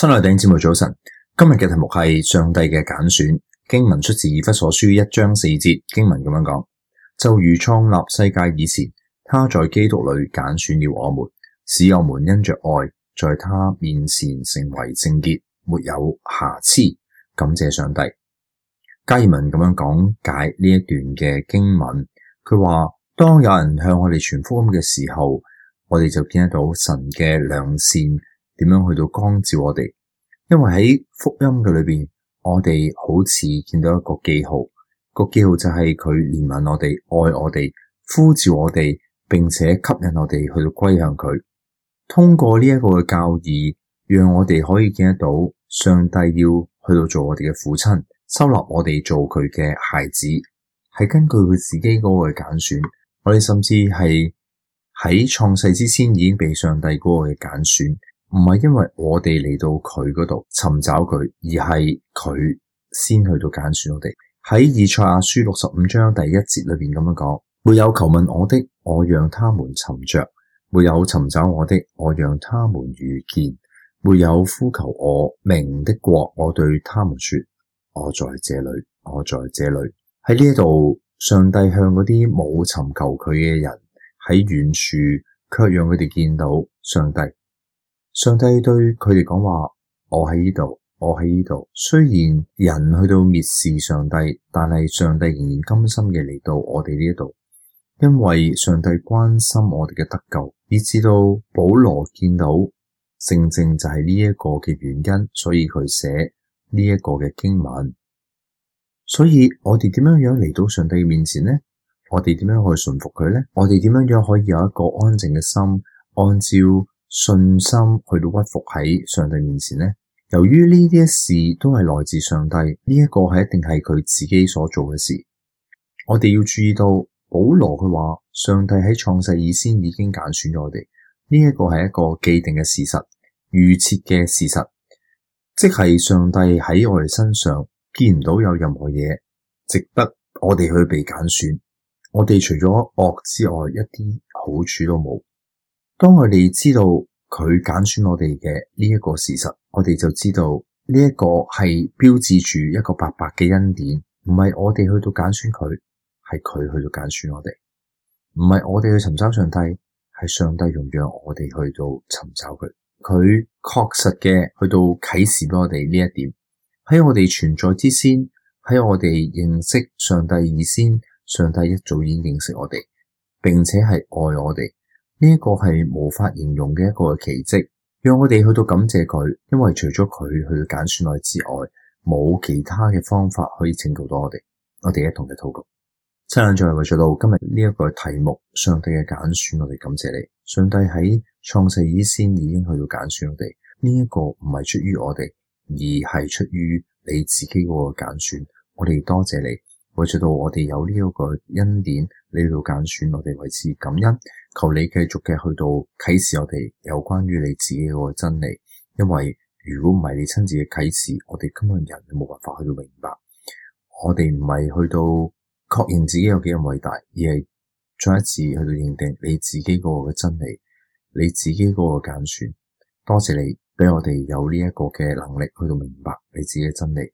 親愛弟兄姊妹，早晨。今日嘅題目係上帝嘅揀選。經文出自以弗所書一章四節，經文咁樣講：就如創立世界以前，他在基督裏揀選了我們，使我們因着愛，在他面前成為聖潔，沒有瑕疵。感謝上帝。加爾文咁樣講解呢一段嘅經文，佢話：當有人向我哋傳福音嘅時候，我哋就見得到神嘅良善。點樣去到光照我哋？因為喺福音嘅裏邊，我哋好似見到一個記號，個記號就係佢憐憫我哋、愛我哋、呼召我哋，並且吸引我哋去到歸向佢。通過呢一個嘅教義，讓我哋可以見得到上帝要去到做我哋嘅父親，收納我哋做佢嘅孩子，係根據佢自己嗰個嘅揀選。我哋甚至係喺創世之先已經被上帝嗰個嘅揀選。唔係因為我哋嚟到佢嗰度尋找佢，而係佢先去到揀選我哋。喺以賽亞書六十五章第一節裏邊咁樣講：「沒有求問我的，我讓他們尋着；沒有尋找我的，我讓他們遇見；沒有呼求我名的國，我對他們說：我在這裏，我在這裏。」喺呢度，上帝向嗰啲冇尋求佢嘅人喺遠處，卻讓佢哋見到上帝。上帝對佢哋講話：我喺呢度，我喺呢度。雖然人去到蔑視上帝，但係上帝仍然甘心嘅嚟到我哋呢一度，因為上帝關心我哋嘅得救，以至到保羅見到正正就係呢一個嘅原因，所以佢寫呢一個嘅經文。所以我哋點樣樣嚟到上帝面前呢？我哋點樣去順服佢呢？我哋點樣樣可以有一個安靜嘅心，按照信心去到屈服喺上帝面前呢，由於呢啲事都係來自上帝，呢、這、一個係一定係佢自己所做嘅事。我哋要注意到保羅嘅話，上帝喺創世以前已經揀選咗我哋，呢、這、一個係一個既定嘅事實，預設嘅事實，即係上帝喺我哋身上見唔到有任何嘢值得我哋去被揀選，我哋除咗惡之外，一啲好處都冇。當我哋知道佢揀選我哋嘅呢一個事實，我哋就知道呢一個係標誌住一個白白嘅恩典，唔係我哋去到揀選佢，係佢去到揀選我哋。唔係我哋去尋找上帝，係上帝容讓我哋去到尋找佢。佢確實嘅去到啟示俾我哋呢一點。喺我哋存在之先，喺我哋認識上帝而先，上帝一早已經認識我哋，並且係愛我哋。呢一個係無法形容嘅一個奇蹟，讓我哋去到感謝佢。因為除咗佢去到揀選我之外，冇其他嘅方法可以拯救到我哋。我哋一同嘅禱告，親愛的眾位為咗到今日呢一個題目，上帝嘅揀選，我哋感謝你。上帝喺創世以前已經去到揀選我哋，呢一個唔係出於我哋，而係出於你自己個揀選。我哋多謝你，為咗到我哋有呢一個恩典，你去到揀選我哋，為之感恩。求你繼續嘅去到啟示我哋有關於你自己個真理，因為如果唔係你親自嘅啟示，我哋根本人冇辦法去到明白。我哋唔係去到確認自己有幾咁偉大，而係再一次去到認定你自己個嘅真理，你自己嗰個揀選。多謝你俾我哋有呢一個嘅能力去到明白你自己嘅真理。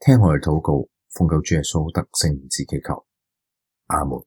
聽我哋禱告，奉救主耶穌基督聖靈自己求，阿門。